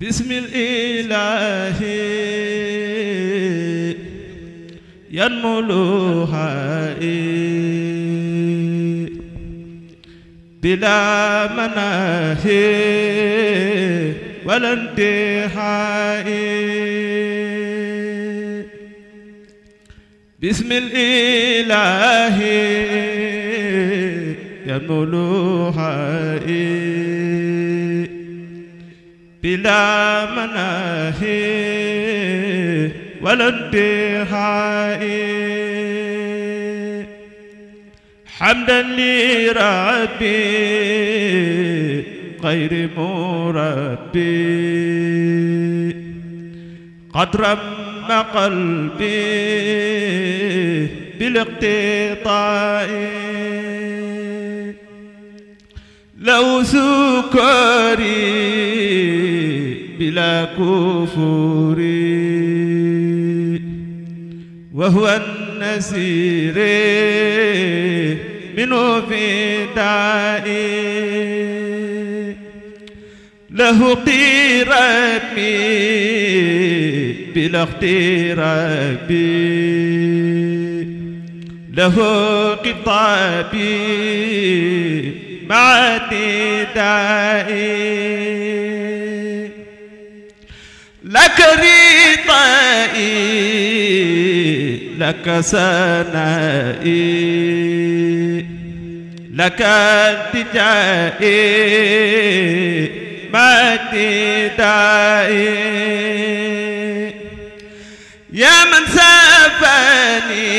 bismil ilaahi yan muluhaay bila manahi walantihaay bismil ilaahi yan بلا مناهي ولا انتهاء حمدا لربي غير مربي قد رم قلبي بالاقتطاع لو سكري بلا كفور وهو النسير منه في دائي له قيرتي بلا اخترابي له قطابي مع تدائي لك رضائي لك سنائي لك التجائي ما ابتدائي يا من سافني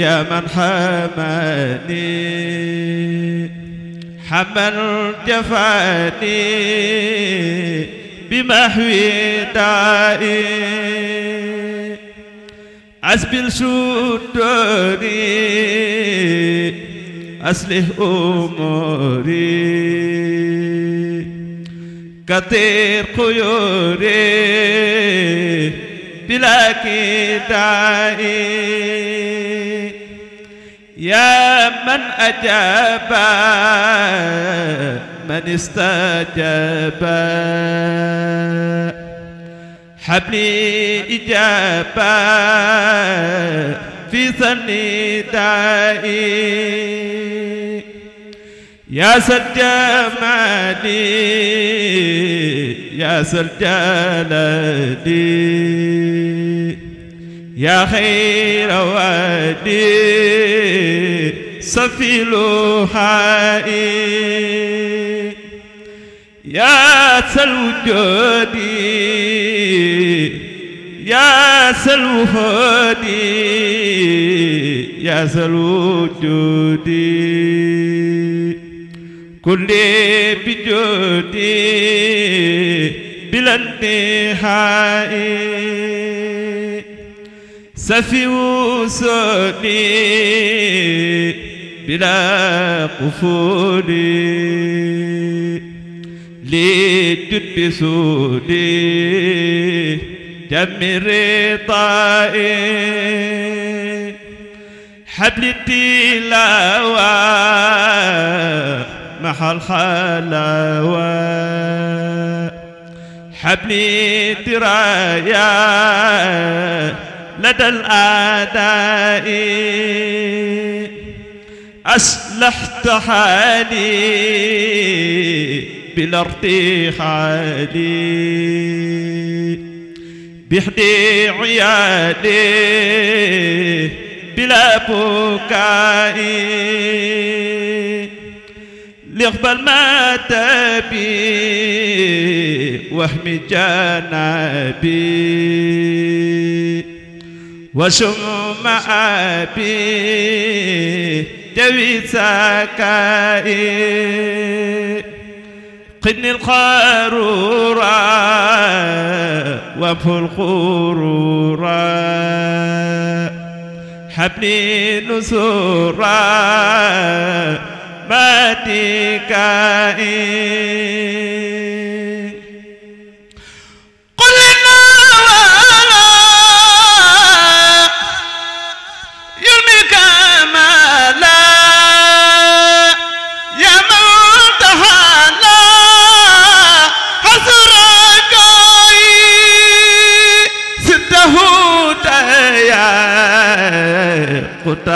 يا من حماني حمل جفاني بمحوي دائي أسبل سوداني أسله أموري كثير خيوري بلا كدائي يا من أجاب من استجاب حبلي إجابة في ثني دائي يا سجمالي يا سجلالي يا خير وادي سفيلو حائي يا سلوجودي يا سلوفودي يا سلوجودي كل بجودي بلا انتهاء سفي وصولي بلا قفولي لجد سودي جمر طائي حبل التلاوة محى الخلاوة حبل دراية لدى الأعداء أسلحت حالي بلا ارتحالي بحدي عيالي بلا بكائي ليقبل ما تبي واحمي جنابي وشم أبي توي سكائي قدني القارورا وفو القرورا حبلي نسورا ماتي كائن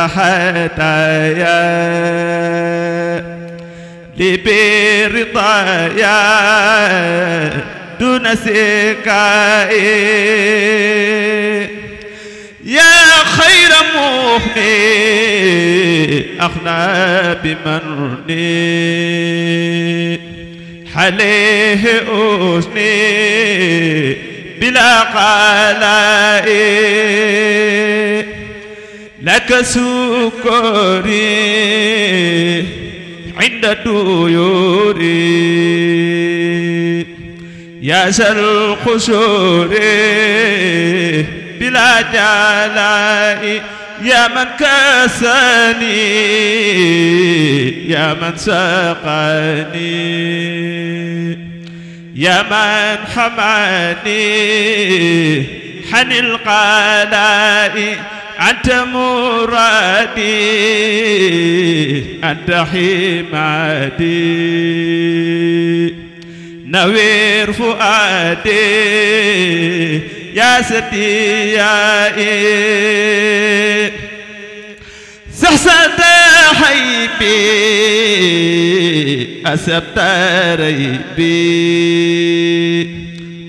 حتايا لبرضايا دون سكاي يا خير مهني أخنا بمني عليه أسني بلا قلائي laka sukuri ya man kasani ya man saqani ya man hamani hanil qalai anta muradi anta himadi nawir fuadi يا ستي يا إيه سحسد حيبي أسبت ريبي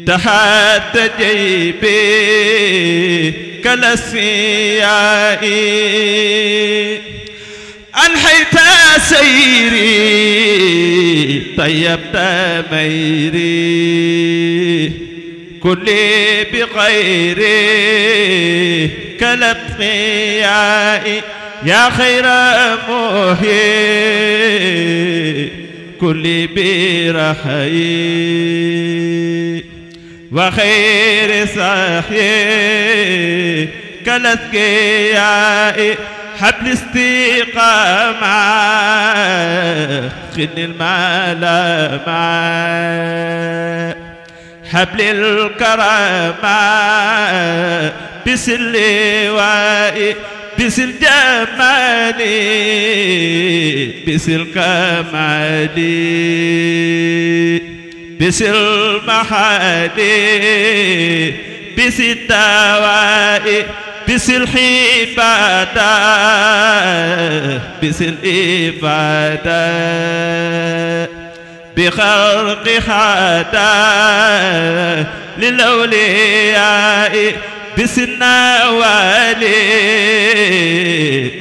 تحت جيبي كالأسياء أنحيت سيري طيبت ميري كلي بخيري كالأطفياء يا خير محيي كلي برحيي وخير صحي كالأذكياء حبل استقامة خن الملامة حبل الكرامة بسل لوائي بسل جمالي بسل كمالي bisil mahadi bisil dawai bisil ibadah bisil ibadah بخلق حدا للأولياء بسنا والي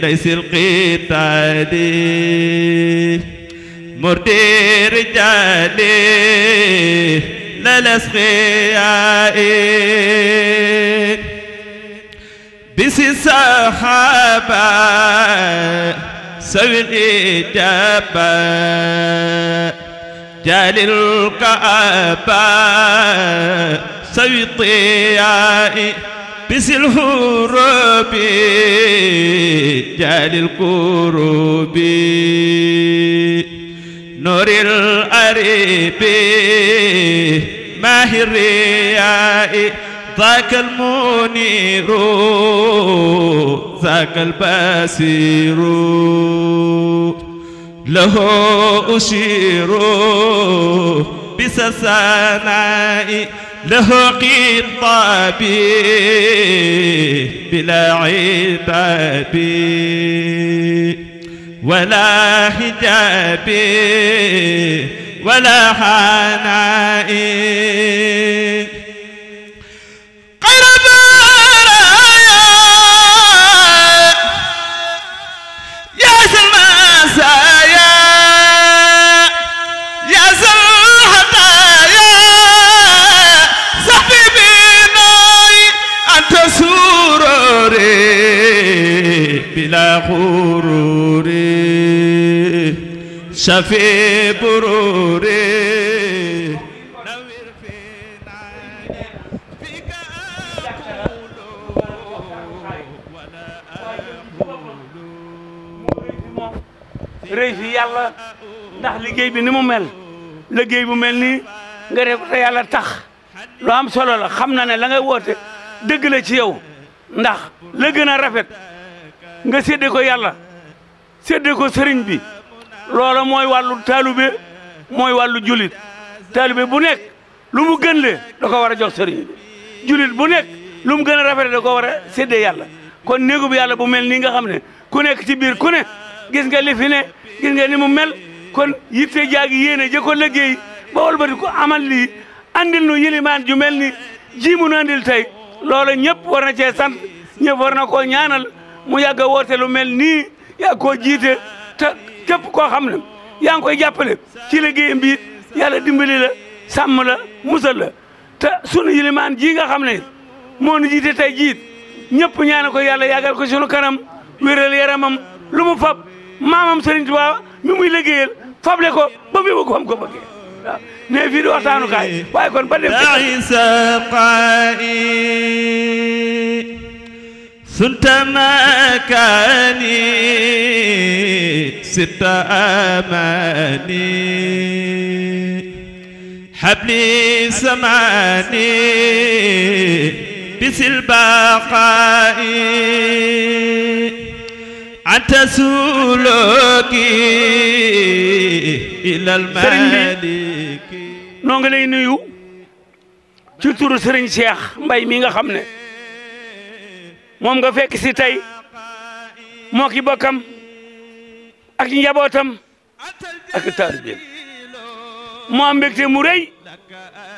ليس القتال مرضي رجالي للأسخياء بس الصحابة سوي الإجابة جال الكعبة سوي الطيائي بس الهروب جال الكروب نور الأريب ماهي الرياء ذاك المنير ذاك البصير له أشير بسسناء له قطاب بلا عتاب ولا حجاب ولا حناء غير بارايا يا سلمسايا يا سلحتايا سبيبنا أنت سروري بلا غرور شفي بروري نوير فينا بك yàlla ndax liggéey bi ni mu mel liggéey bu mel nii nga def yàlla tax lu am solo la xam na ne la ngay woote dëgg la ci yow ndax la gën a rafet nga séddee ko yàlla séddee ko sëriñ bi loola mooy wàllu taalube mooy wàllu julit taalube bu nekk lu mu gën le da ko war a jox sëriñ bi julit bu nekk lu mu gën a rafete da ko war a séddee yàlla kon néegu bi yàlla bu mel nii nga xam ne ku nekk ci biir ku ne gis nga fi ne gis nga ni mu mel kon yitte jaagi yéene jë ko liggéey ba walbati amal lii andil nu yilimaan ju mel ni ji mu nu andil tey loola ñëpp war na cee sant war na koo ñaanal mu yàgg a woote lu mel nii yàgg koo jiite te képp koo xam ne yaa ngi koy jàppale ci liggéeyam bi yàlla dimbali la sàmm la musal la te sunu yilimaan ji nga xam ne moo nu jiite tey jiit ñëpp ñaane ko yàlla yàggal ko sunu kanam wéral yaramam lu mu fab maamam Serigne Touba mi muy liggéeyal fable ko ba mu fam ko bëggee ne fii di waxtaanu kaay waaye kon ba dem سنت مكاني ست أماني حبلي سماني بس البقاء أنت سلوكي إلى المالك noo ngi lay nuyu ci turu Serigne Cheikh Mbaye mi nga xam ne moom nga fekk si tey moo ki bokkam ak njabootam ak taalibeem mu am mbégte mu rëy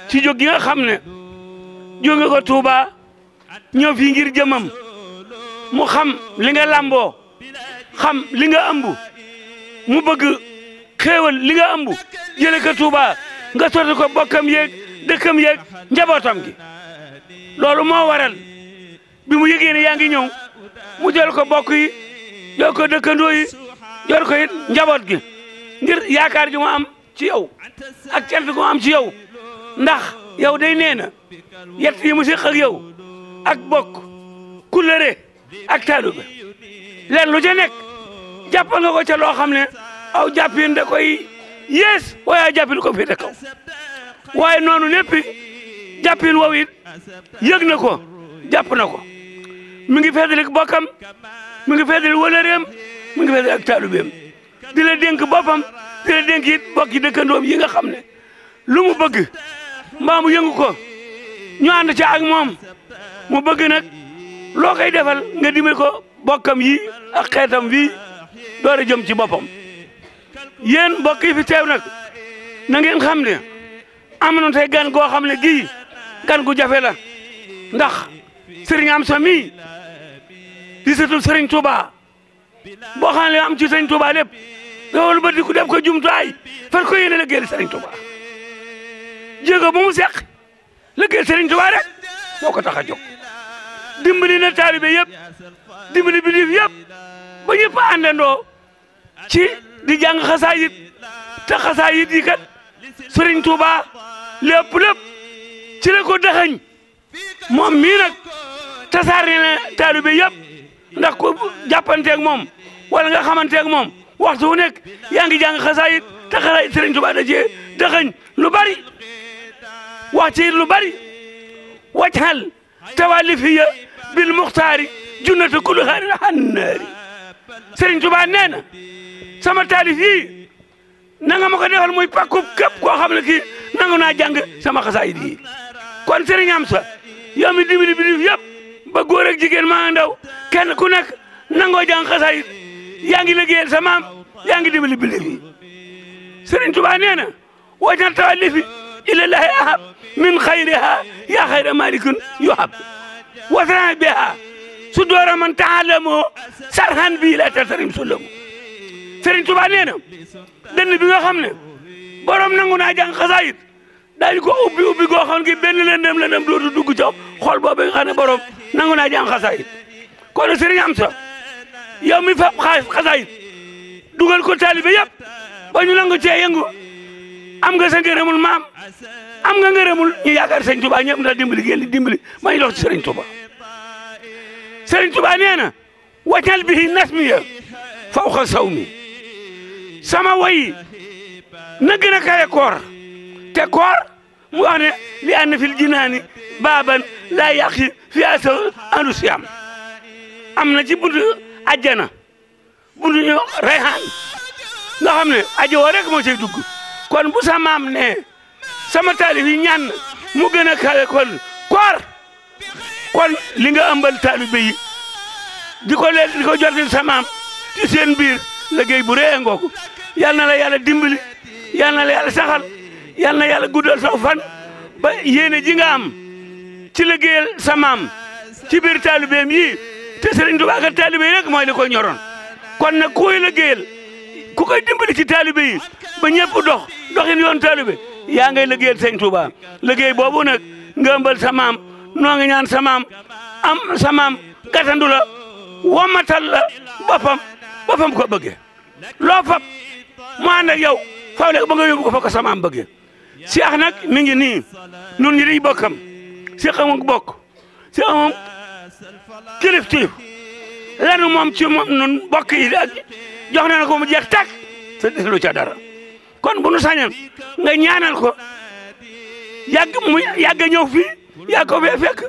ci jóg gi nga xam ne jóge ko Touba ñëw fii ngir jëmam mu xam li nga làmboo xam li nga ëmb mu bëgg xéewal li nga ëmb jële ko nga sotti ko bokkam yeeg dëkkam yeeg njabootam gi loolu moo waral bi mu yëgee ne yaa ngi ñëw mu jël ko bokk yi jël ko dëkkandoo yi jël ko it njaboot gi ngir yaakaar ju mu am ci yow ak cant gu am ci yow ndax yow day nee na yi mu séq ak yow ak bokk kulëre ak taadu bi lu ca nekk jàppal nga ko ca loo xam ne aw jàppin da koy yées waaye jàppin ko féete kaw noonu lépp jàppin wow it yëg na na ko mi ngi feddali bokkam mi ngi feddali wëlëreem mi ngi feddali ak taalubeem di la dénk boppam di la dénk it bokki dëkkandoom yi nga xam ne lu mu bëgg mbaa mu yëngu ko ñu ànd ca ak moom mu bëgg nag loo koy defal nga dime ko bokkam yi ak xeetam wii door a jëm ci boppam yéen mbokk yi fi teew nag na ngeen xam ne am gan goo xam ne gii gan gu jafe la ndax sëriñ am sa di sëtul Serigne Touba boo xam ne am ci Serigne Touba lépp nga wala ba di ko def ko jumtuwaay far ko yéene la génn Serigne Touba jéego bu mu seq la génn Serigne Touba rek moo ko tax a jóg dimbali na taalibe yëpp dimbali bi dif yëpp ba ñëpp àndandoo ci di jàng xasaayit te xasaayit yi kat Serigne Touba lépp lépp ci la ko daxañ moom mii nag tasaare taalibe yëpp ndax ku jàppanteeg moom wala nga xamanteeg moom waxtu wu nekk yaa ngi jàng xasaayit te xasaayit Sëriñ dëxëñ lu bari wax ci lu bari wajhal tawalifiya bil muxtaari junnata kullu xaarin xannaari Sëriñ Tuubaa nee na sama taalif yii na nga ma ko defal muy pàkkub xam ne kii nangu naa jàng sama xasaayit yi kon Sëriñ Amsa yow mi dimbali bi yëpp ba góor ak jigéen maa ndaw kenn ku nekk nangoo jàng xasaayit yaa ngi liggéeyal sa maam yaa ngi dimbali bindee bi Serigne Touba nee na wajan tawallifi ilallahi ahab min xayriha yaa xayra malikun yuhab wasran biha su doora man taalamoo sarhan bi nga xam ne borom nangu naa jàng xasaayit daañu ko ubbi ubbi goo xam ne benn lëndëm lëndëm dootu dugg ca xol boobu nga xam nangu na jàng xasaayit kon Sëriñ Amsa yow mi fa xasaayit dugal ko taalibe yëpp ba ñu nangu cee yëngu am nga sa ngërëmul maam am nga ngërëmul ñu yaakaar Sëriñ Tuubaa ñëpp na dimbali ngeen di ma ñu dox ci Sëriñ Tuubaa Sëriñ Tuubaa nee na wañal bihi nasmiya fawqa sawmi sama wayi na gën a koor te koor mu wax ne li fil jinaani baaban laa yàqi fiyaa sa anu siyaam am na ci buntu ajjana buntu ñu rayhaan nga xam ne ajo woo rek moo cay kon bu sa ne sama taalif yi ñaan mu gën a kon koor kon li nga ëmbal taalibe yi di ko leen di ko jotin sa maam ci biir liggéey bu rëy ngoogu yal na la yàlla dimbali yal na la yàlla saxal yal na yàlla guddal saw fan ba yéene ji am ci liggéeyal samaam maam ci biir taalibeem yii te Serigne Touba kat taalibe yi rek mooy li koy ñoroon kon nag kuy liggéeyal ku koy dimbali ci taalibe yi ba ñëpp dox doxin yoon taalibe yaa ngay liggéeyal Serigne Touba liggéey boobu nag nga ëmbal sa ngi ñaan sa maam am sa maam gàttandu la womatal la boppam boppam ko bëggee loo fab mu ànd ak yow faaw léegi ba nga yóbbu ko fa ko nag mi ngi nii ñun ñi di bokkam. si xamuk bokk si xamuk kilif kilif lanu moom ci moom nun bokk yi ak jox na ko mu jeex tàkk sa ca dara kon bu nu sañoon nga ñaanal ko mu yàgg ñëw fii yàgg ko fee fekk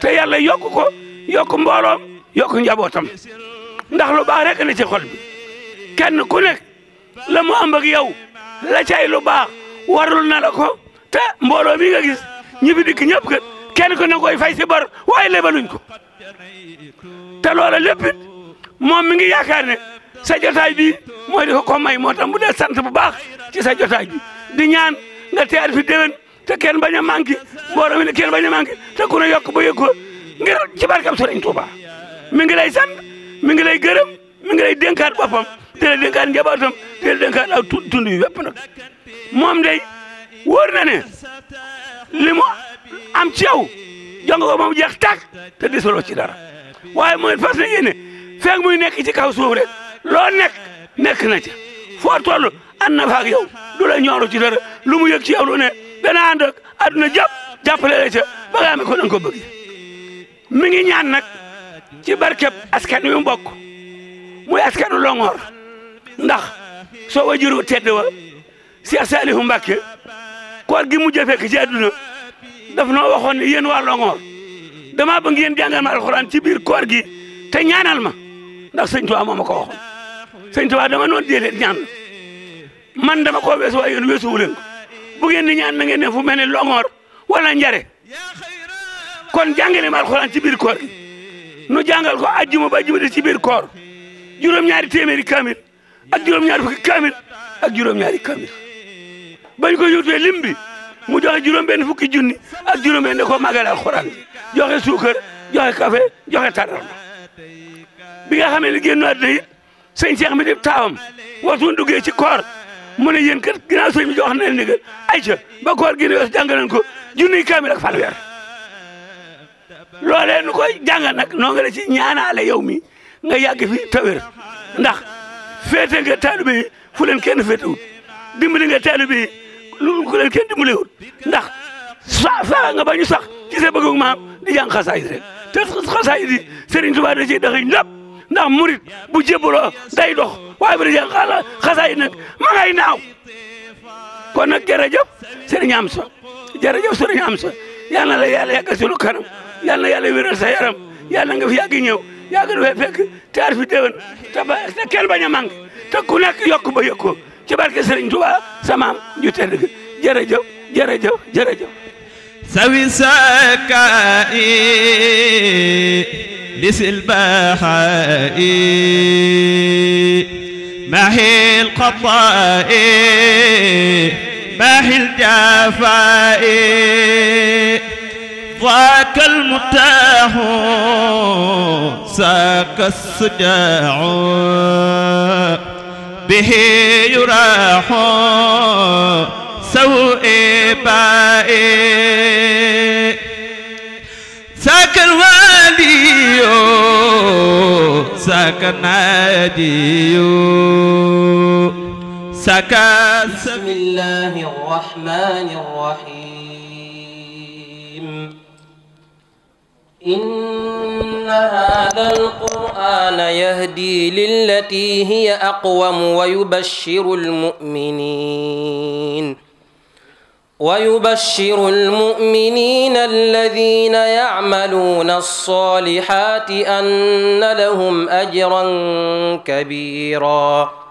te yàlla yokk ko yokk mbooloom yokk njabootam ndax lu baax rek la ci xol bi kenn ku la mu am ak yow la cay warul na te mbooloo mi nga gis dikk ñëpp kenn ku ne koy fay si bor waaye lebaluñ ko te loola moom mi ngi yaakaar ne sa jotaay bi mooy di ko ko moo tax mu dee sant bu baax ci sa jotaay bi di ñaan nga teel fi déwén te kenn bañ a manqué mbooloo mi ne kenn bañ a manqué te ku ne yokk ba yëg ko ngir ci barkam Sëriñ Tuuba mi ngi lay sant mi ngi lay gërëm mi ngi lay dénkaat boppam di la dénkaat njabootam di la dénkaat aw tund yu wépp nag moom day wóor na ne li mu am ci yow jong ko moom jeex tàkk te desaloo ci dara waaye mooy fas na yéene feeg muy nekk ci kaw suuf loo nekk nekk na ca foo an na faak yow du la ñooru ci dara lu mu yëg ci yow lu ne dana ànd ak àdduna jàpp jàppale la ca ba nga amee ko na nga bëgg mi ngi ñaan nag ci barkeb askan wi mu bokk muy askanu Longhor ndax soo wajuru tedd wa Cheikh Saliou Mbacké koor gi mu jëfee ci àdduna daf noo waxoon ne yéen waa Longhor damaa bëgg yéen jàngal ma alxuraan ci biir koor gi te ñaanal ma ndax sëñ Tuubaa moo ma ko waxoon sëñ Tuubaa dama noon déedéet ñaan man dama koo weesu waaye yéen weesuwu leen ko bu ngeen di ñaan na fu mel ne Longhor wala Njare kon jàngale ma alxuraan ci biir koor gi nu jàngal ko ajjuma ba ajjuma di ci biir koor juróom-ñaari téeméeri kaamil ak juróom-ñaari fukki kaamil ak juróom-ñaari kaamil bañ ko yóotee lim bi mu joxe juróom-benn fukki junni ak juróom-benn da koo màggale alxuraan joxe suukar joxe café joxe tàndarma bi nga xamee ne génn àddina it sëñ Cheikh mi di taawam waxtu mu duggee ci koor mu ne yéen kat ginnaaw sëñ bi jox na leen ndigal ayca ba koor gi ne wees jàng nañ ko junniy kaamil ak fanweer loolee nu koy jàngal nag noo nga la ci ñaanaale yow mi nga yàgg fi tawér ndax féete nga taalibe yi fu leen kenn féetewul nga taalibe yi loolu kuréel kenn dimbalewul ndax sa saa nga bañu sax ci sa bëgg maam di jàng xasaayid rek te xasaayid yi Serigne Touba da ciy daxañ lépp ndax murit bu jébbaloo day dox waaye ba di jàng xasaayid nag ma ngay naaw kon nag jërëjëf Serigne Amsa jërëjëf Serigne Amsa yal na la yàlla yàggal sunu kanam yal la yàlla wéral sa yaram yal na nga fi yàgg ñëw yàgg na fekk te ar fi déwén te ba te a manqué te ku nekk yokk ci barke Serigne Touba samaam ju tedd gi jërëjëf jërëjëf jërëjëf sawi sakai lisil baxai mahil qatai mahil jafai ضاك المتاح ساك السجاع به يراح سوء بائي ساك الوالي ساك النادي ساك بسم الله الرحمن الرحيم إن هذا القرآن يهدي للتي هي أقوم ويبشر المؤمنين ويبشر المؤمنين الذين يعملون الصالحات أن لهم أجرا كبيراً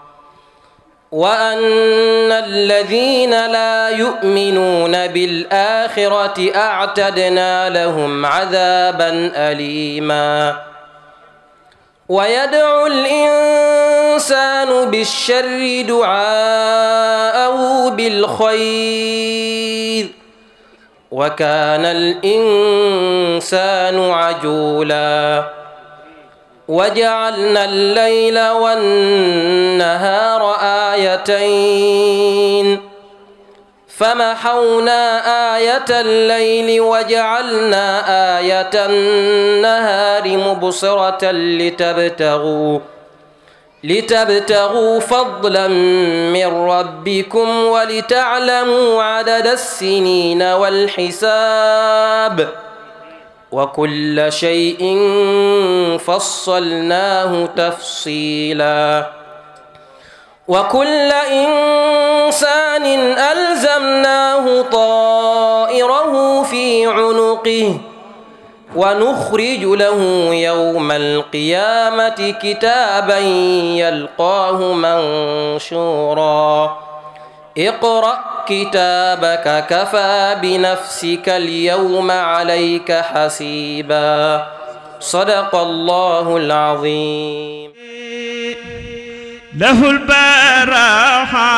وأن الذين لا يؤمنون بالآخرة أعتدنا لهم عذابا أليما ويدعو الإنسان بالشر دعاءه بالخير وكان الإنسان عجولاً وجعلنا الليل والنهار آيتين فمحونا آية الليل وجعلنا آية النهار مبصرة لتبتغوا لتبتغوا فضلا من ربكم ولتعلموا عدد السنين والحساب ۖ وكل شيء فصلناه تفصيلا وكل إنسان ألزمناه طائره في عنقه ونخرج له يوم القيامة كتابا يلقاه منشورا اقرأ كتابك كفى بنفسك اليوم عليك حسيبا صدق الله العظيم له البراحة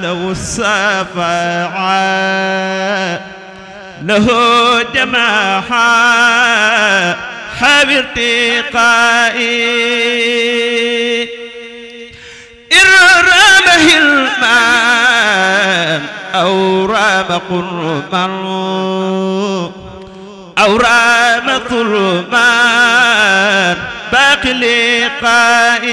له الصفعة له جماحة حبيب تقائي إرامه الماء أو رام قربا أو رام ظلما باقي لقائي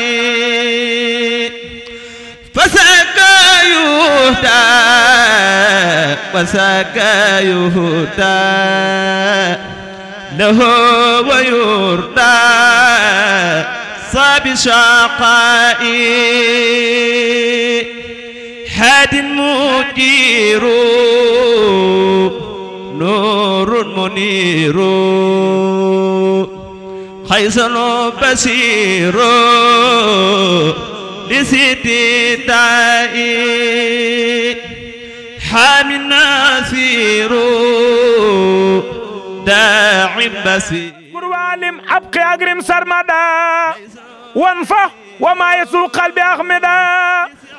فسكى يهدى وسكى يهدى له ويرضى صاب شقائي هاد مدير نور منير خيسر بصير لسيدي دائي حامي ناصير داعي بصير وعلم أبقي أقرم سرمدا وانفه وما يسوق قلبي أحمدا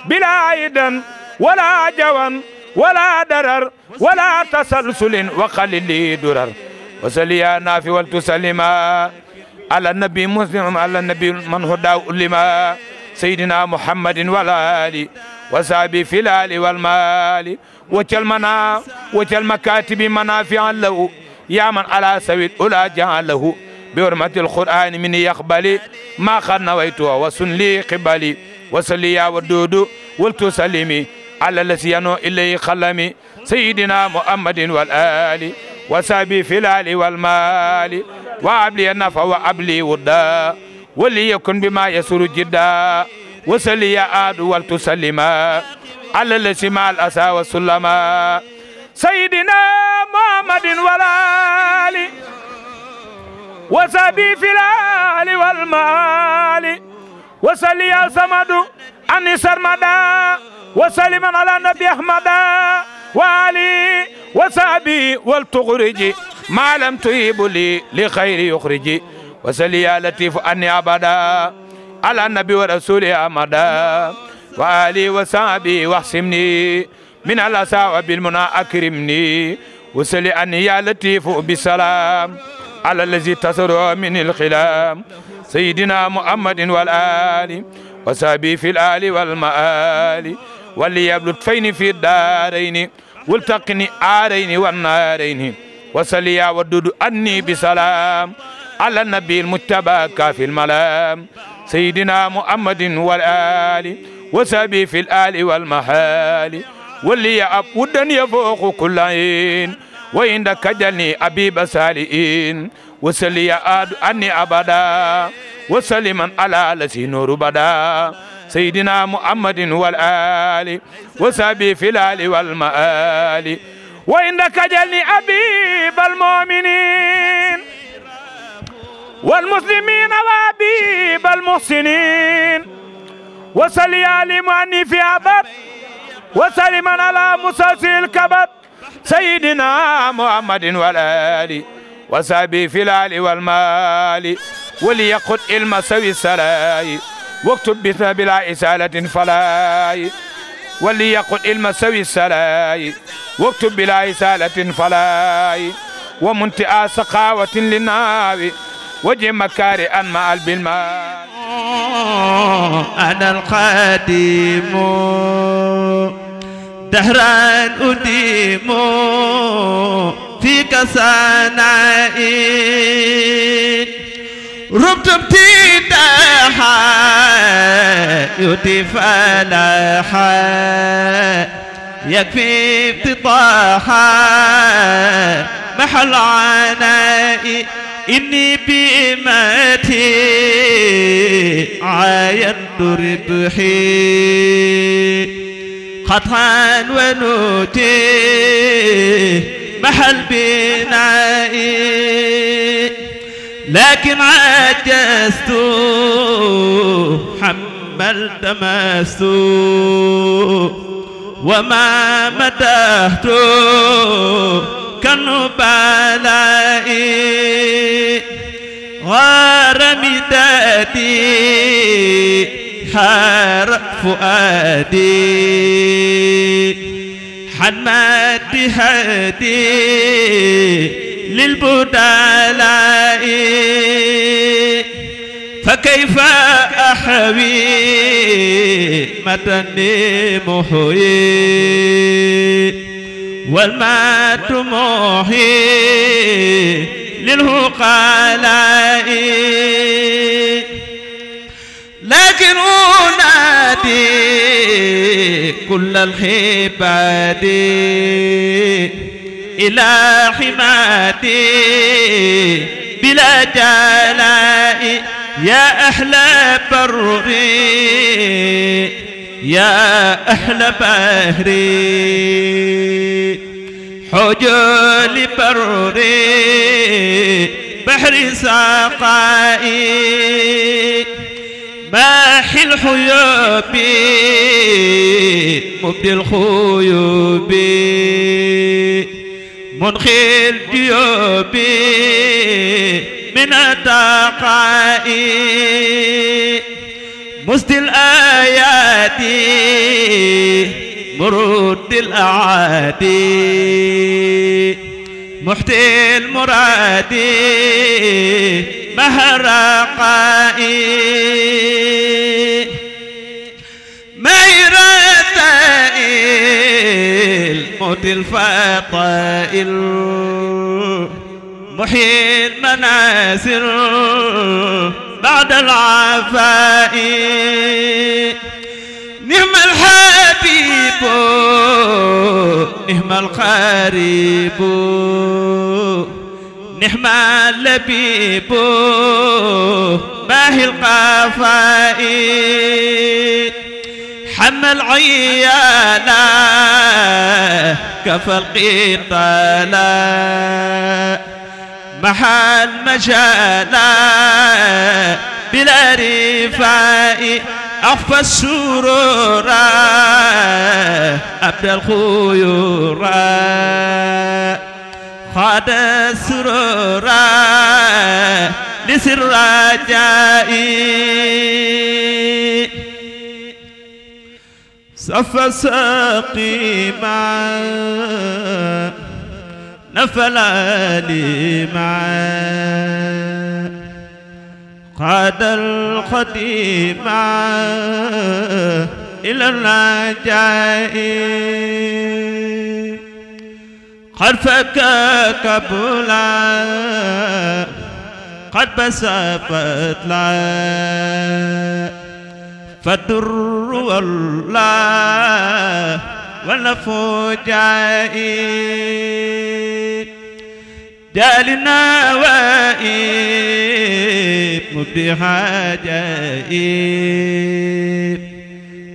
بلا عيدا ولا جوان ولا درر ولا تسلسل وقليل درر وصلي يا نافي ولتسلما على النبي مسلم على النبي من هدى لما سيدنا محمد والآل وصحبه في الآل والمال وجل منا وجل مكاتب منافعا له يا من على سبيل الأولى جعله bi hormatil qur'ani min yaqbali ma qad nawaytu wa sun li qibali wa salli ya wadudu wal tusalimi ala lati yanu ilayhi qalami sayyidina muhammadin wal ali wa sabi filali wal mali wa abli nafa wa abli wuda wali yakun bima yasuru jidda wa salli ya adu wal tusallima ala lati ma al asa wa sallama sayyidina muhammadin wal ali وسبي في الآل والمال وسلي يا سمد أني سرمدا وسلم على النبي أحمد وعلي وسابي والتخرجي ما لم تهيب لي لخير يخرجي وسلي يا لطيف أني أبدا على النبي ورسول أحمد وعلي وسابي واحسمني من الأسى وبالمنى أكرمني وسلي أني يا لطيف بسلام على الذي تصر من الخلام سيدنا محمد والآل وسابي في الآل والمآل وليبلغ فين في الدارين والتقني آرين والنارين وسلي ودود أني بسلام على النبي المجتبى كافي الملام سيدنا محمد والآل وسابي في الآل والمحال ولي أب ودن يفوق كل عين وإن كجلني أبيب سالئين وسلي أني أبدا وسلما على لسي نور بدا سيدنا محمد والآل وسبي في الآل والمآل وإن كجلني أبيب المؤمنين والمسلمين وأبيب المحسنين وسلي على مؤني في أبد وسلما على مسلسل الكبد سيدنا محمد والآل وصحبه في الآل والمال وليقد المسوي السلاي واكتب بثا بلا إسالة فلاي وليقد المسوي السلاي واكتب بلا إسالة فلاي ومنتئى سقاوة للناوي وجه مكاري أن مع بالماء أنا القديم دهرا أديم فيك صنائي ربت ابتداحا يدي فلاحا يكفي ابتطاحا محل عنائي إني بإمتي عاينت ربحي قطعا ونوتي محل بنائي لكن عجزت حملت ماسو وما مدحت كنبلائي غار مدادي حار فؤادي حمات هادي للبدلاء فكيف أحوي متني محيي والمات محيي للهقلاء لكن أنادي كل الخباد إلى حمادي بلا جلاء يا أهل بري يا أهل بحري حجول بري بحر ساقائي باح الحيوب مبدي الخيوب منخي الجيوب من الدقاء مسد الآيات مرد الأعادي محتي المرادي بهر قائي ميرة الموت الفطائل محيي المناسر بعد العفاء نعم الحبيب نعم القريب نحما لبيب باهي القفاء حمى العيانا كفى القتالا محى المجالا بلا رفاء أخفى السرور أبدى الخيور قد سرورا لسر رجائي صف سقيما نفل لما قاد القديم إلى الرجائي حرفك قبلا قد بسفت لا فالدر والله والنفو جائد جالنا وائب مبدي حجائب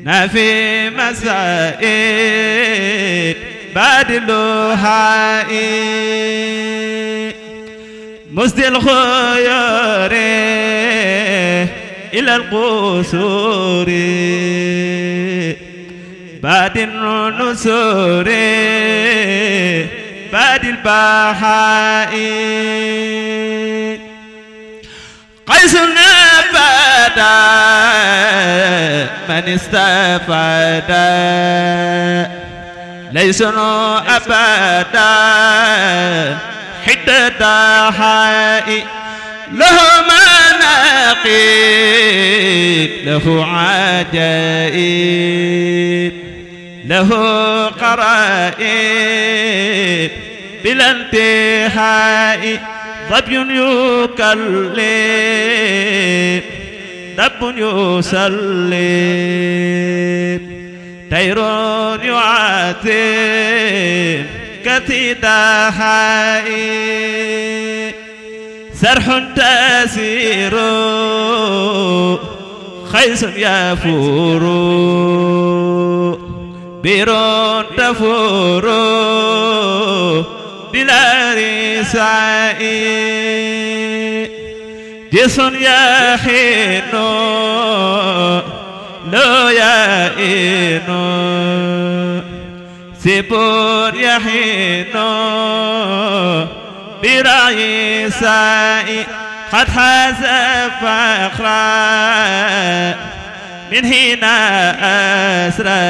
نافي مسائب بادلوها مسد الخيار إلى القصور باد النسور باد البحاء قيسنا بدا من استفاد ليسنوا أبدا حتى حائي له مناقب له عجائب له قرائب بلا انتهاء ضب يكلم دب يسلم طير يعاتب كثيدا حائي سرح تسير خيس يفور بير تفور بلا رسائي جسم يحن loo ya'iinu sibur yahiinu برئيسائي قد حزب فخرا من هنا أسرى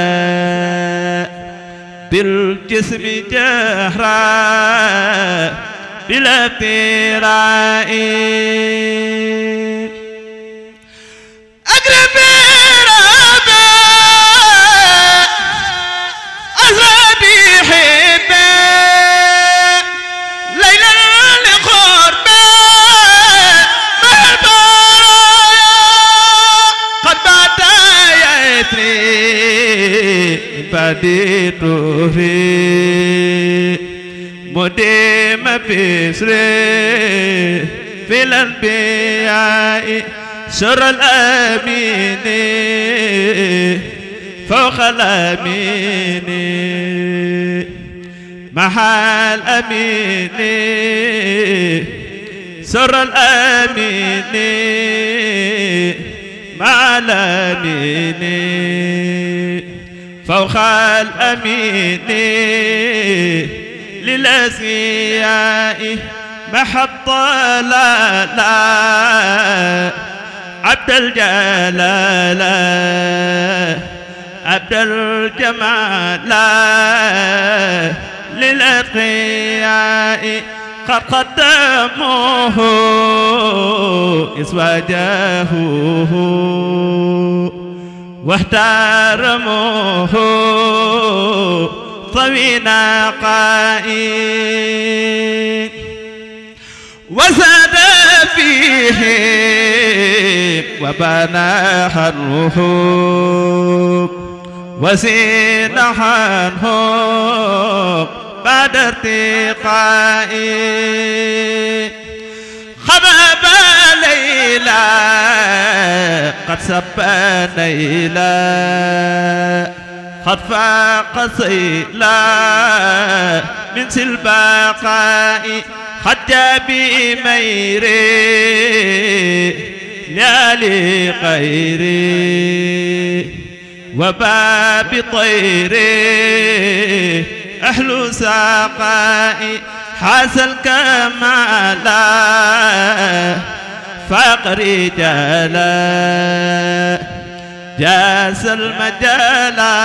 بالجسم جهرا بلا برائي أقربي بيت في مديم بسر في الأنبياء سر الأمين فوق الأمين محال أمين سر الأمين مع الأمين فوق الأمين للأزياء محط لا لا عبد الجلال عبد الجمال للأتقياء قد قدموه إسواجاهوه واحترموه طوينا قائد وزاد فيه وبنى حره وزين عنه بعد ارتقائه خبر نيلا قد سب نيلا قد فاق سيلا من سلباقاء قد جاء بميري لا لغيري وباب طيري أهل ساقائي حاز الكمال فقري جالا جاس المجالا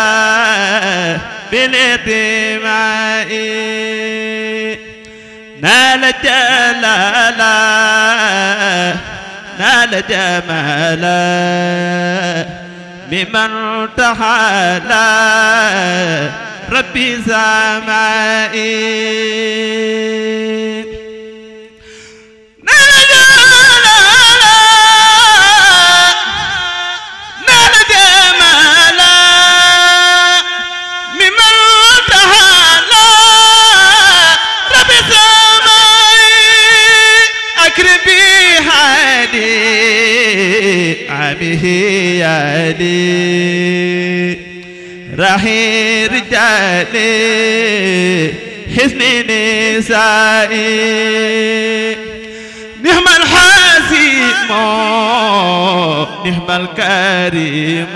بالاطماء نال جلالا نال جمالا بمن تحالى ربي سمائي به يالي رحي رجالي حسن نسائي نعم الحاسم نعم الكريم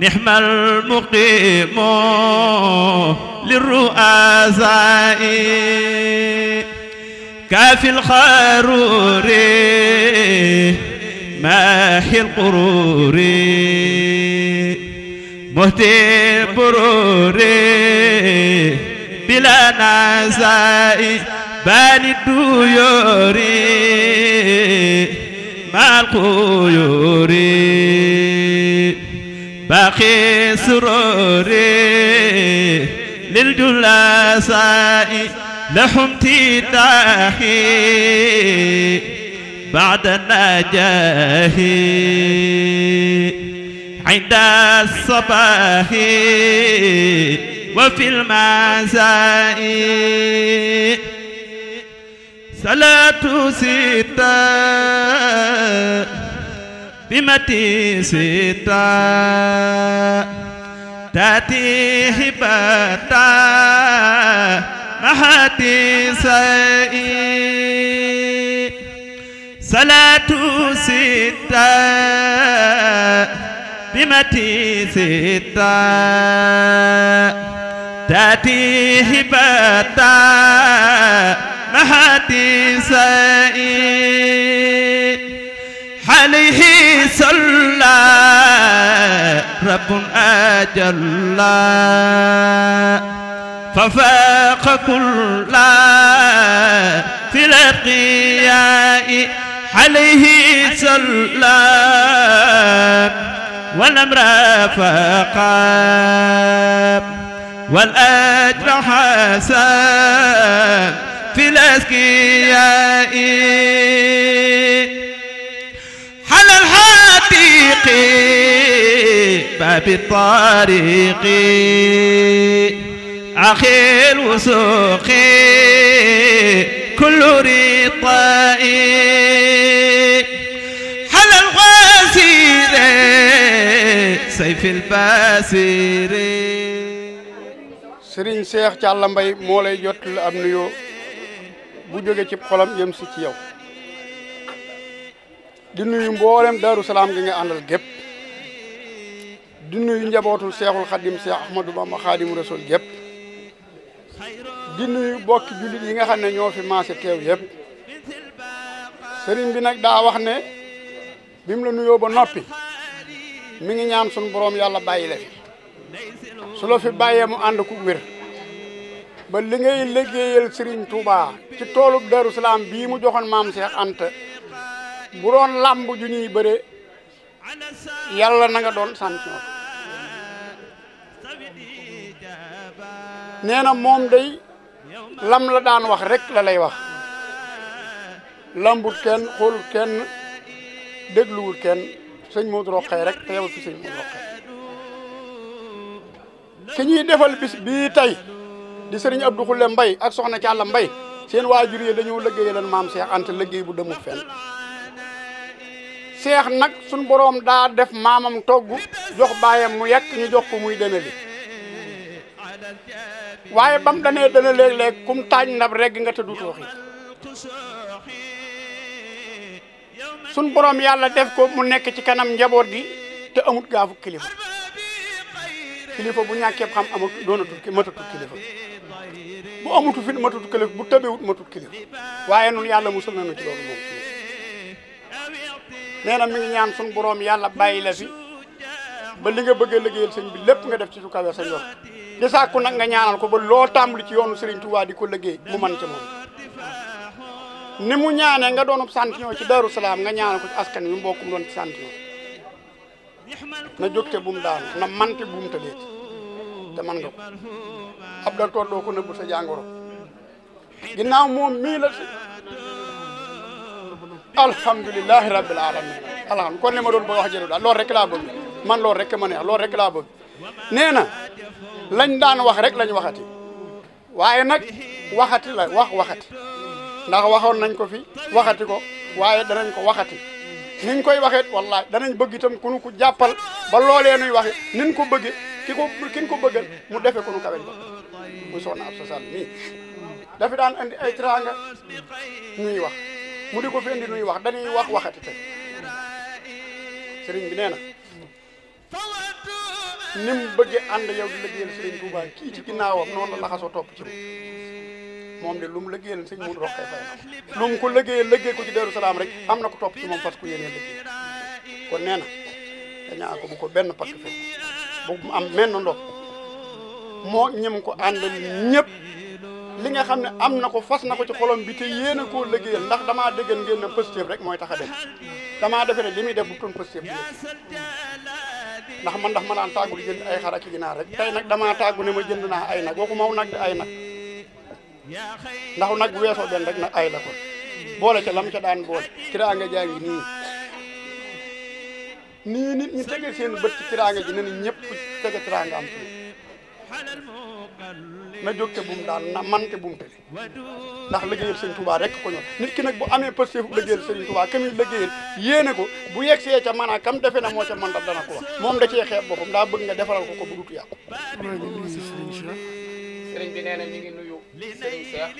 نعم المقيم للرؤساء كافي الخرور ماهي القرور مهدي القرور بلا نزاع بال الديور مع القيور باقي سروري للجلساء لهم تداحي بعد نجاهي عند الصباح وفي المعزاء صلاة ستة بمتي ستة تأتي هبتا محاتي سائي salaatu sitta bimati sitta taati hibata mahati sa'i alayhi salla rabbun ajalla fafaqa kulla fil qiya'i عليه سلام والأمر فقام والأجر حسان في الأزكياء على الحاتق باب الطريق أخي الوسوق كل رطائي على الغاسير سيف الباسير Serigne Cheikh Thialla Mbaye moo lay jot la am nuyoo bu jóge ci xolam yëm si ci yow di nuyu mboolem Daaru Salaam gi nga àndal gépp di nuyu njabootul Seexul Xadim Seex Ahmadou Bamba Xaadimu Rasuul gépp di nuyu bokki jullit yi nga xam ne ñoo fi maase teew yëpp sëriñ bi nag daa wax ne bi mu la nuyoo ba noppi mi ngi ñaan sunu borom yàlla bàyyi la fi su la fi bàyyee mu ànd ku wér ba li ngay liggéeyal sëriñ Touba ci toolu Darou Salaam bii mu joxoon maam Cheikh Anta bu doon làmb ju ñuy bëre yàlla na doon champion nee moom day lam la daan wax rek la lay wax lambut kenn xoolul kenn dégluwul kenn sëñ Modou Rokhaya rek te yow fi sëñ Modou Rokhaya ki ñuy defal bis bii tey di sëriñ Abdou Khoule Mbay ak soxna Càlla Mbay seen waajur yi dañoo liggéey leen maam Cheikh ant liggéey bu demul fenn Cheikh nag suñ boroom daa def maamam togg jox baayam mu yekk ñu jox ko muy dënali waaye bam danee dana léeg-léeg kum taañ ndab regg nga te du tooxi sun borom yàlla def ko mu nekk ci kanam njaboot gi te amut gaafu kilifa kilifa bu ñàkkee xam ama doonatul matatul kilifa bu amutu fit matatul kilifa bu tëbewut matut kilifa waaye nun yàlla musal nañu ci mi ñaan sun borom yàlla bàyyi ba li nga bëggee liggéeyal sëñ bi lépp nga def ci su kawe sa yor di sàkku nag nga ñaanal ko ba loo tàmbali ci yoonu Serigne Touba di ko liggéey mu man ca moom ni mu ñaanee nga doonub santiñoo ci Daaru Salaam nga ñaanal ko ci askan wi mbokkum doon ci santiñoo na jógte bu mu daanu na mante bu mu tëleeti te man nga ko ab da tolloo ko nëbbu sa jàngoro ginnaaw moom mii la si alhamdulilahi rabbil alamin alhamdu kon li ma wax jëru daal loolu rek laa bëgg man loolu rek ma neex loolu rek laa bëgg nee na lañ daan wax rek lañ waxati waaye nag waxati la wax waxati ndax waxoon nañ ko fi waxati ko waaye danañ ko waxati niñ koy waxeet wallahi danañ bëgg itam ku nu ko jàppal ba loolee nuy waxe niñ ko bëgge ki ko ki ko bëggal mu defe ko nu kawen ba mu soxna ab sosal mii dafi daan indi ay teraanga nuy wax mu di ko fi indi nuy wax dañuy wax waxati tey sëriñ nee na ni mu bëggee ànd yow di liggéeyal Serigne Touba kii ci ginnaawam noonu la laxasoo topp ci moom de lu mu liggéeyal sëñ Modou Rokhaya Faye lu mu ko liggéeyal liggéey ko ci Darou Salaam rek am na ko topp ci moom parce que yéene liggéey kon nee na dañaa ko benn pakk fi bu mu am menn ndox moo ñem ko àndal ñëpp li nga xam ne am na ko fas na ko ci xolom bi te yéen ko koo ndax damaa déggan ngeen ne positif rek mooy tax a dem damaa defe ne li muy def bu toon ndax man ndax man daan tàggu jënd ay xar ak ginaar rek tey nag damaa tàggu ne ma jënd naa ay nag waxuma aw nag di ay nag ndax nag bu weesoo benn rek nag ay la ko boole ca lam ca daan boole kiraanga jaa ngi nii nii nit ñi tege seen bët ci kiraanga ji ne ni ñëpp tege kiraanga am ci na jóg te bum daan na man te bum tële ndax liggéeyal sëñ baa rek ko ñor nit ki nag bu amee pëstéef liggéeyal sëñ Touba ka muy liggéeyal yéene ko bu yegg see ca maanaam kam defe na moo ca man dana ko wax moom da cee xeeb boppam daa bëgg nga defaral ko ko bu dut yàqu. sëriñ bi nee na ñu ngi nuyu sëriñ Cheikh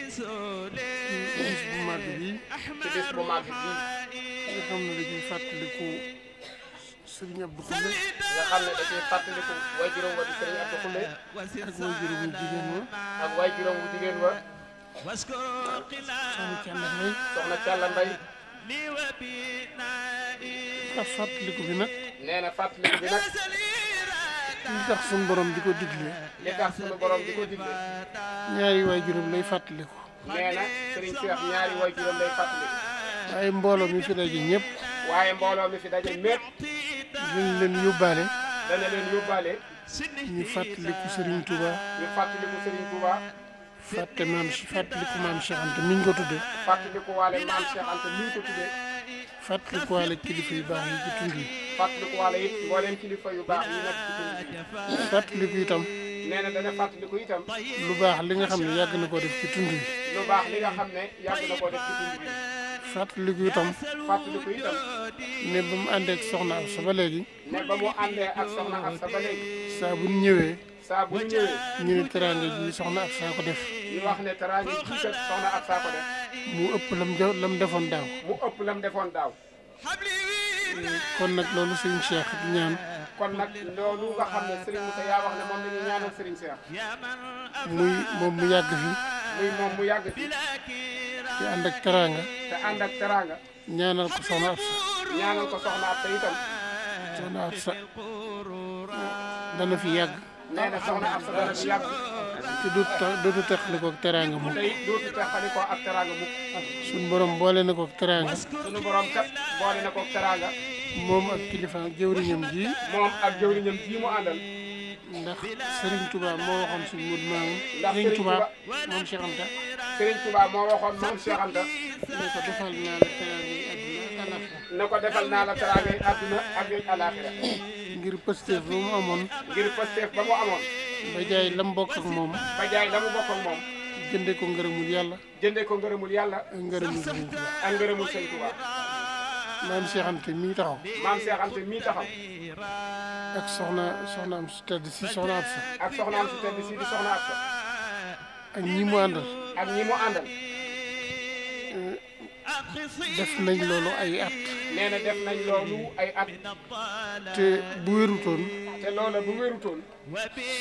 ci bis bu mag bii ci bis bu mag bii nga Serigne Abdou Khoule nga xam ne da cee fàttaliku a eh, fàttaliku bi nag nee na fàttaliku bi nag li tax suñu borom di ko digle li tax suñu borom di ko digle ñaari waay juróom lay fàttaliku nee na Serigne Cheikh ñaari waay juróom lay fàttaliku waaye mbooloo mi fi daje ñëpp. waaye mbooloo mi fi daje ñëpp. dinañ leen yóbbaale. dana leen yóbbaale. ñu fàttaliku Serigne Touba. ñu fàttaliku Serigne Touba. fàtte maam fàttaliku maam Cheikh Anta mi ñu ko tuddee. fàttaliku waale maam Cheikh Anta mi ñu ko tuddee. fàttaliku waale kilifa yu baax yi ci tund yi. fàttaliku waale it mbooleem kilifa yu baax yi nekk ci tund yi. fàttaliku itam. nee na dana fàttaliku itam. lu baax li nga xam ne yàgg na koo def ci tund yi. lu baax li nga xam ne yàgg na koo def ci tund yi. fàttaliku itam. fàttaliku itam. ne ba mu àndee ak soxna Afsa ba léegi. ne ba mu àndee ak soxna Afsa ba léegi. saa bu ñu ñëwee. saa bu ñu ñëwee. ñu ji soxna Afsa ko def. ñu wax ne teraanga ji kat soxna Afsa ko def. mu ëpp lam lam defoon daaw. mu ëpp lam defoon daaw. kon nag loolu suñu Cheikh ñaan. kon nag loolu nga xam ne Serigne Moussa yaa ne moom la ñu ñaanal Serigne Cheikh. muy moom mu yàgg fi. mu yàgg fi. te ànd ak teraanga. te ànd ak teraanga. ñaanal ko soxna Absa. ñaanal ko soxna Absa itam. soxna Absa dana fi yàgg. nee na soxna Absa dana fi te du tax dootu teqali ko ak teraanga mukk. tey dootu teqali ko ak teraanga mukk. sunu borom boole na ko ak teraanga. sunu borom kat boole na ko ak teraanga. moom ak kilifa jëwriñam ji. moom ak jëwriñam ji mu àndal. ndax Serigne Touba moo waxoon suñu mën maam. ndax Serigne Touba moom Cheikh Anta. Serigne moo waxoon moom Cheikh Anta. ko defal naa la teraanga yi ne ko defal naa la teraangay àdduna ak yooyu àlaaxira ngir pësteef ba mu amoon ngir pësteef ba mu amoon ba jaay la mu bokk ak moom ba jaay la mu bokk ak moom jënde ko ngërëmul yàlla jënde ko ngërëmul yàlla ak ngërëmul sëñ Tuubaa ak ngërëmul sëñ mii taxaw maam Cheikh Anta mii taxaw ak soxna soxnaam su tedd si soxna ab sa ak soxnaam su tedd si di soxna ab sa ak ñi mu àndal ak ñi mu àndal eh, def nañ loolu ay at nee na def nañ loolu ay at te bu wérutoon te loola bu wérutoon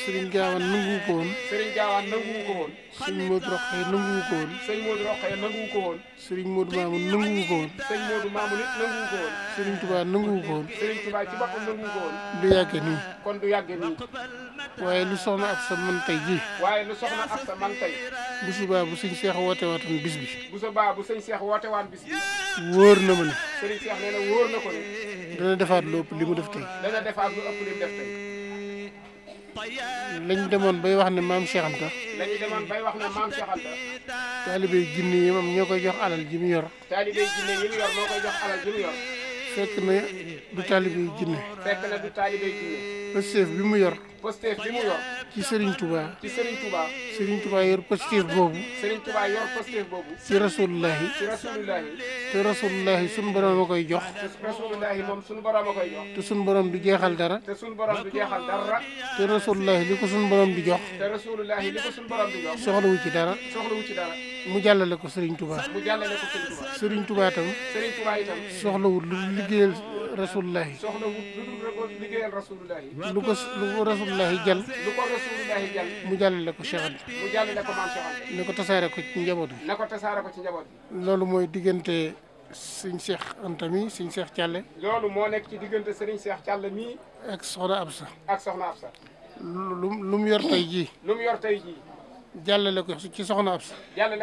sëriñ gaawaan nanguwu ko woon sëriñ gaawaan nanguwu ko woon sëriñ Modou Rokhaya nanguwu ko woon sëriñ Modou Rokhaya nanguwu ko woon sëriñ Modou Mamoun nanguwu ko woon sëriñ Modou Mamoun it nanguwu ko woon sëriñ Touba nanguwu ko woon sëriñ Touba ci boppam nanguwu ko woon du yàgge nii kon du yàgge nii waaye lu soxna ak sa man tey ji waaye lu soxna ak sa man tey bu subaa bu sëñ seex woote waatoon bis bi bu subaa bu sëñ seex woote waan bis bi wóor na ma ne sëriñ seex nee na wóor na ko ne dana defaat lu ëpp li mu def tey dana defaat lu ëpp li mu def tey lañ demoon bay wax ne maam Cheikh Anta lañ demoon bay wax ne maam Cheikh Anta taalibey jinne yi moom ñoo koy jox alal ji mu yor taalibey jinne yi mu yor moo koy jox alal ji mu yor fekk na du taalibey jinne fekk na du taalibey jinne ba seef bi mu yor Pastef bi mu yor. ci Serigne Touba. ci Serigne Touba. Serigne Touba yor Pastef ah, boobu. Serigne Touba yor Pastef boobu. ci rasulullahi. ci rasulullahi. te rasulullahi a koy jox. te rasulullahi moom sunu borom a koy jox. te sunu borom du jeexal dara. te sunu borom du jeexal dara. te rasulullahi li ko sunu borom di jox. te rasulullahi li ko sunu borom di ci dara. mu jàllale ko Serigne Touba. mu jàllale ko Serigne Touba. Serigne lu liggéeyal. rasulullahi soxla wut lu dul liggéeyal rasulullahi lu ko lu ko rasulullahi jàll lu ko rasulullahi jàll mu jàllale ko Cheikh Anta mu jàllale ko maam ne ko tasaare ko ci njaboot bi ne ko ko ci njaboot loolu mooy diggante sëñ Cheikh Anta mi sëñ Cheikh Thialé loolu moo nekk ci diggante sëriñ seex Thialé mi ak soxna Absa ak soxna Absa lu lu mu yor tey jii lu yor tey jii jàllale ko ci soxna Absa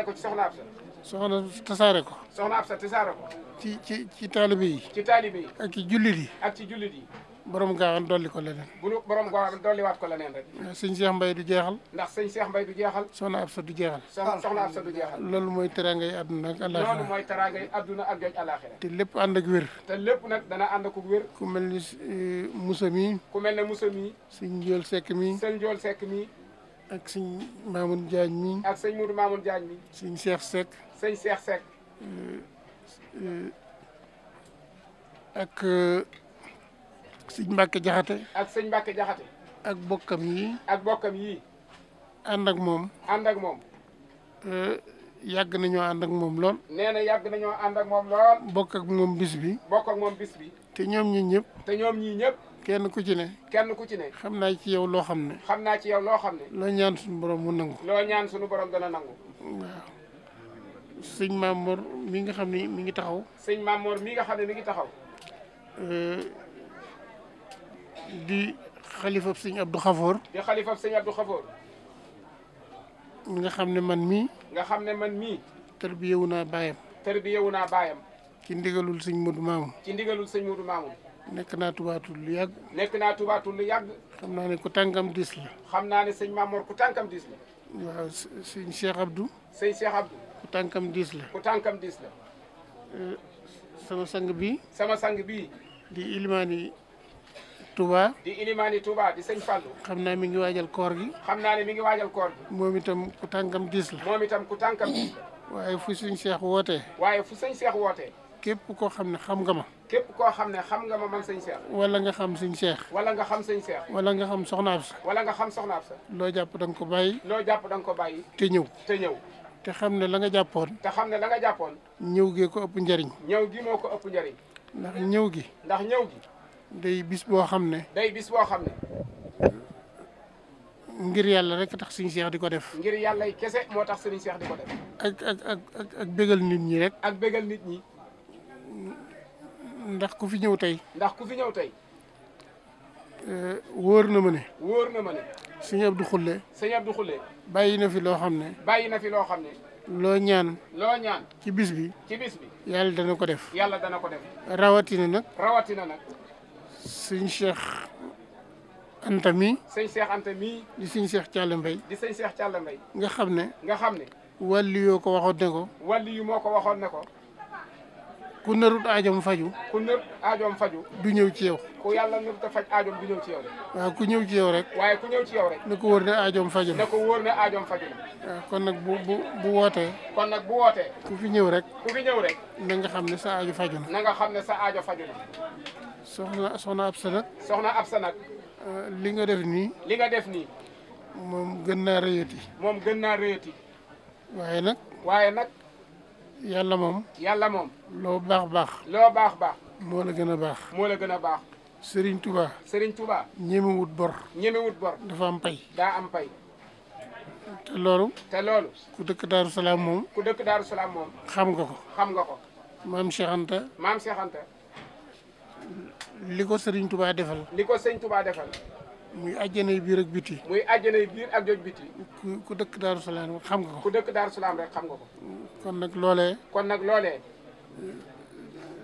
ko ci soxna Absa soxna tasaare ko. soxna Absa tasaare ko. ci ci ci taalibe yi. ci taalibe yi. ak ci jullit yi. ak ci jullit yi. borom gaawaan dolli ko leneen. bu nu borom gaawaan dolliwaat ko leneen rek. sëñ Cheikh du jeexal. ndax sëñ seex mbay du jeexal. soxna Absa du jeexal. soxna Absa du jeexal. loolu mooy teraangay adduna ak mooy teraangay adduna ak gëj alaxira. te lépp ànd ak wér. te lépp nag dana ànd ak wér. ku mel ni eh, Moussa mii. ku mel ne Moussa mii. sëñ Ndiol Seck mii. sëñ Ndiol Seck mii. ak sëñ Mamoun Diagne mii. ak sëñ Mourou Mamoun Diagne mii. sëñ Cheikh Seck. Mm. Uh, sëñ Cheikh Seck. ak sëñ Mbacke Jaxate ak sëñ Mbacke Jaxate ak bokkam yi. ak bokkam yi. ànd ak moom. ànd ak moom. Uh, yàgg nañoo ànd ak moom lool. nee na yàgg nañoo ànd ak moom lool. bokk ak moom bis bi. bokk ak moom bi. te ñoom ñi ñëpp. te ñoom ñii ñëpp. kenn ku ci ne. kenn ku ci ne. xam naa ci yow loo xam ne. xam naa ci yow loo xam ne. loo ñaan suñu borom mu nangu. loo ñaan suñu borom dana nangu. waaw. sëñ Mamor mi nga xam ne mi ngi taxaw. sëñ Mamor mi nga xam ne mi ngi taxaw. di xalifab sëñ Abdou Xafoor. di xalifab sëñ Abdou Xafoor. mi nga xam ne man mii. nga xam ne man mii. tarbiyewu naa baayam. tarbiyewu naa baayam. ci ndigalul sëñ Modou Mamoun. ci ndigalul sëñ Modou Mamoun. nekk naa tubaatul lu nekk naa tubaatul lu yàgg. xam naa ne ku tànkam diis la. xam naa ne sëñ Mamor ku tànkam diis la. waaw sëñ Cheikh Abdou. sëñ Cheikh Abdou. tànkam diis la. ku tànkam diis la. Eh, sama sang bi sama sang bi di ilimaani Touba. di ilimaani Touba di sëñ Fallou. xam naa mi ngi waajal koor gi. xam naa ne mi ngi waajal koor moom itam ku tànkam diis la. moom itam ku tànkam diis la. waaye fu sëñ Cheikh wootee. waaye fu sëñ Cheikh wootee. képp koo xam ne xam nga ma. képp koo xam ne xam nga ma man sëñ Cheikh. wala nga xam sëñ Cheikh. wala nga xam sëñ Cheikh. wala nga xam soxnaab sa. wala nga xam soxnaab sa. loo jàpp da nga ko bàyyi. loo jàpp da ko bàyyi. te ñëw te ñëw. te xam ne la nga jàppoon. te xam ne la nga jàppoon. ñëw gee ko ëpp njariñ. ñëw gi moo ko ëpp njariñ. ndax ñëw gi. ndax ñëw gi. day bis boo xam ne. day bis boo xam ne. ngir yàlla rek tax suñu seex di ko def. ngir yàlla kese moo tax suñu seex di ko def. ak ak nit ñi rek. ak bégal nit ñi. ndax ku fi ñëw tey. ndax ku fi ñëw tey. Euh, wóor na ma ne. na ma sëñ Abdou Khoule. sëñ Abdou Khoule. bàyyi na fi loo xam ne. bàyyi na fi loo xam ne. loo ñaan. loo ñaan. ci bis bi. ci bis bi. yàlla dana ko def. yàlla dana ko def. rawatina nag. rawatina nag. sëñ Cheikh Anta mii. sëñ Cheikh Anta mii. di sëñ Cheikh Thialla Mbaye. di sëñ Cheikh Thialla Mbaye. nga xam ne. nga xam ne. wàllu yoo ko waxoon ne ko. wàllu yu moo ko waxoon ne ko. ku narut aajoom faju ku narut aajoom faju du ñëw ci yow ku yàlla narut a faj aajoom du ñëw ci yow ku ñëw ci yow rek waaye ku ñëw ci yow rek na ko wóor ne ajoom faju na ko wóor ne aajoom faju na kon nag bu bu bu wootee kon nag bu wootee ku fi ñëw rek ku fi ñëw rek na xam ne sa aajo faju na na nga xam ne sa aajo faju na soxna soxna nag soxna Absa nag ah, li nga def nii li nga def nii moom gën naa rëyati moom gën naa rëyati waaye nag yàlla moom. yàlla moom. loo baax baax. loo baax baax. moo la gën a baax. moo la gën a baax. sëriñ tuba Serigne Touba. ñemewut bor. ñemewut bor. dafa am pay. daa am pay. te loolu. te loolu. ku dëkk Daaru Salaam moom. ku dëkk Daaru Salaam moom. xam nga ko. xam ko. maam Cheikh Anta. maam Cheikh li ko Serigne Touba defal. li ko Serigne Touba defal. muy àjjanay biir ak biti. muy àjjanay biir ak joj biti. ku dëkk Daaru Salaam xam nga ko. ku dëkk Daaru Salaam xam nga ko. kon nag loolee. kon nag loolee.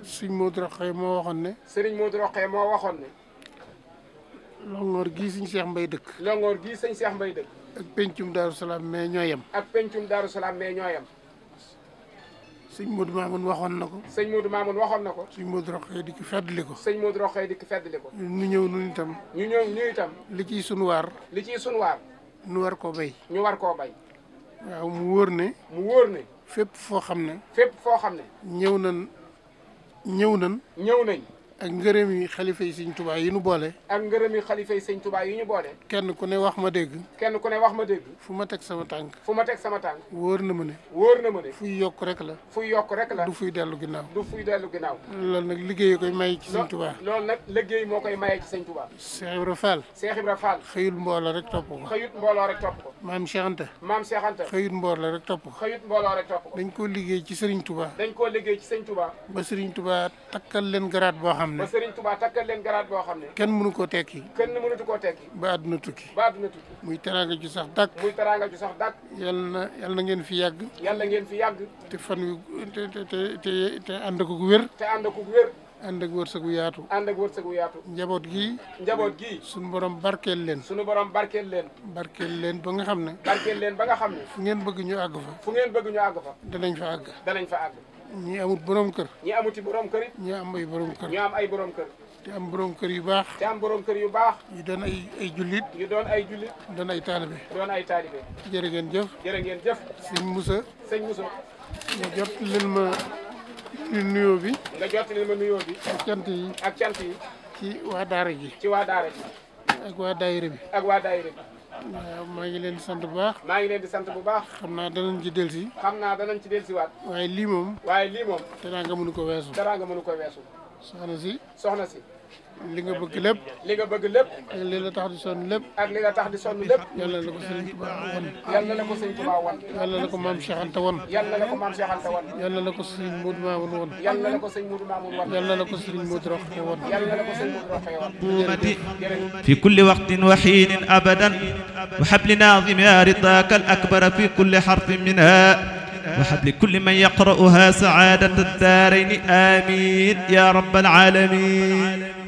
Sëriñ Modou Rokhaya moo waxoon ne. moo Modou Rokhaya moo waxoon ne. Longoor gii sëñ Cheikh Mbay dëkk. Longoor gii sëñ Cheikh Mbay dëkk. ak pencum Daaru Salaam mais ñoo yem. ak pencum Daaru Salaam mais ñoo yem. sëñ Modou Mamoun waxoon na ko sëñ Modou Mamoun waxoon na ko sëñ Modou Rokhaya dikk feddli ko sëñ Modou Rokhaya dikk feddli ko ñu ñëw nun itam ñu ñëw ñu tam li ciy sunu waar li ciy sunu waar ñu war koo bay ñu war koo bay waaw mu wóor ne mu wóor ne fépp foo xam ne fépp foo xam ne ñëw nan ñëw nan ñëw nañ ak ngërëm yi xalifa yi sëñ Tuubaa yi ñu boole. ak ngërëm yi xalifa yi sëñ Tuubaa yi ñu boole. kenn ku ne wax ma dégg. kenn ku ne wax ma dégg. fu ma teg sama tànk. fu ma teg sama tànk. wóor na ma ne. wóor na ma ne. fuy yokk rek la. fuy yokk rek la. du fuy dellu ginnaaw. du fuy dellu ginnaaw. loolu nag liggéey koy maye ci sëñ Tuubaa. lool nag liggéey moo koy maye ci sëñ Tuubaa. Cheikh Ibra Fall. Cheikh Ibra Fall. xëyul mbooloo rek topp ko. xëyut mbooloo rek topp ko. maam Cheikh Anta. maam Cheikh Anta. xëyut mbooloo dañ koo liggéey ci sëriñ Tuubaa. dañ koo liggéey ci sëñ Tuubaa. ba sëriñ Tuubaa takkal leen xam ne ba Serigne Touba leen garaat boo xam ne kenn mënu koo tekki kenn mënatu koo tekki ba àdduna tukki ba àdduna tukki muy teraanga ju sax dàkk muy teraanga ju sax dàkk yal na yal na ngeen fi yàgg yal ngeen fi yàgg te fan wi te te te te ko gu wér te ànd ko gu wér ànd ak wërsëgu yaatu ànd ak wërsëgu yaatu njaboot gii njaboot gii suñu borom barkeel leen suñu borom barkeel leen barkeel leen ba nga xam ne barkeel leen ba nga xam ne fu ngeen bëgg ñu àgg fa fu ngeen bëgg ñu àgg fa danañ fa àgg danañ fa àgg ñi amut borom kër. ñi amuti borom kër it. ñi am ay borom kër. ñi am ay borom kër. te am borom kër yu baax. te am borom kër yu baax. ñu doon ay ay jullit. ñu doon ay jullit. doon ay taalibe. doon ay taalibe. jërë ngeen jëf. jërë ngeen jëf. sëñ Moussa. sëñ Moussa. nga jot ma nuyoo bi. nga jot leen ma nuyoo bi. ak cant yi. ak cant ci waa Daara ji. ci waa Daara ji. ak waa Daayira bi. ak waa Daayira bi. waaw maa ngi leen di sant bu baax. maa ngi leen di sant bu baax. xam naa danañ ci delsi. xam naa danañ ci delsiwaat. waaye lii moom. waaye lii moom. teraanga mënu ko weesu. teraanga mënu ko weesu. soxna si. soxna si. li nga bëgg lépp li nga bëgg lépp ak li la tax di sonn lépp ak li la tax di sonn lépp yàlla na ko sëriñ Tuba won yàlla na ko sëriñ Tuba won yàlla na ko maam Cheikh Anta won yàlla na ko maam Cheikh Anta won yàlla na ko sëriñ Modou Mamoun won yàlla na ko sëriñ Modou Mamoun won yàlla na ko sëriñ Modou Rokhaya won yàlla na ko sëriñ Modou Rokhaya won fi kulli waqtin wa hiinin abadan wa habli naazima ridaaka al akbar fi kulli harfin minha وهب لكل من يقرأها سعادة الدارين آمين يا رب العالمين